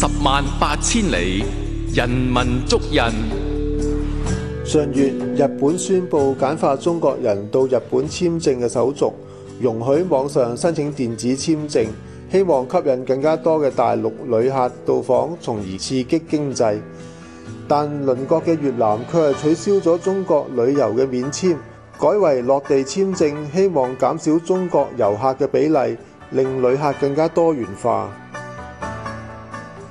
十萬八千里，人文足印。上月，日本宣布簡化中國人到日本簽證嘅手續，容許網上申請電子簽證，希望吸引更加多嘅大陸旅客到訪，從而刺激經濟。但鄰國嘅越南卻取消咗中國旅遊嘅免簽，改為落地簽證，希望減少中國遊客嘅比例，令旅客更加多元化。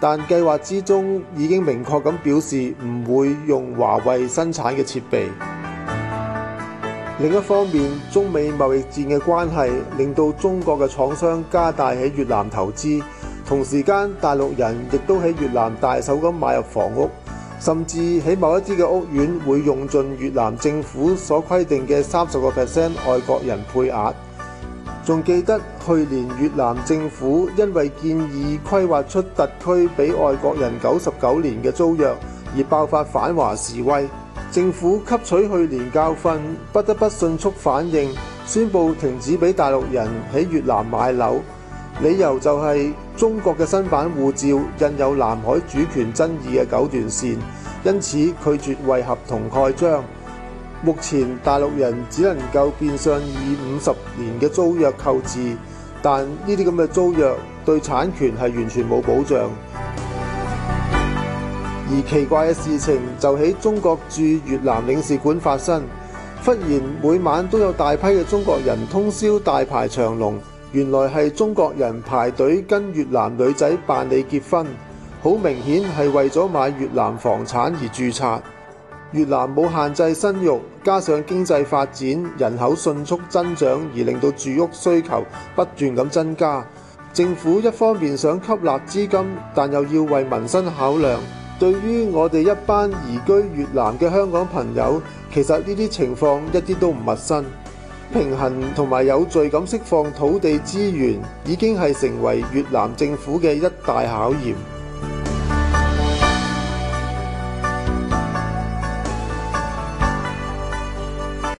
但計劃之中已經明確咁表示唔會用華為生產嘅設備。另一方面，中美貿易戰嘅關係令到中國嘅廠商加大喺越南投資，同時間大陸人亦都喺越南大手咁買入房屋，甚至喺某一啲嘅屋苑會用盡越南政府所規定嘅三十個 percent 外國人配額。仲記得去年越南政府因為建議規劃出特區俾外國人九十九年嘅租約，而爆發反華示威。政府吸取去年教訓，不得不迅速反應，宣布停止俾大陸人喺越南買樓。理由就係中國嘅新版護照印有南海主權爭議嘅九段線，因此拒絕為合同蓋章。目前大陸人只能夠變相以五十年嘅租約購置，但呢啲咁嘅租約對產權係完全冇保障。而奇怪嘅事情就喺中國駐越南領事館發生，忽然每晚都有大批嘅中國人通宵大排長龍，原來係中國人排隊跟越南女仔辦理結婚，好明顯係為咗買越南房產而註冊。越南冇限制生育，加上經濟發展、人口迅速增長，而令到住屋需求不斷咁增加。政府一方面想吸納資金，但又要為民生考量。對於我哋一班移居越南嘅香港朋友，其實呢啲情況一啲都唔陌生。平衡同埋有序咁釋放土地資源，已經係成為越南政府嘅一大考驗。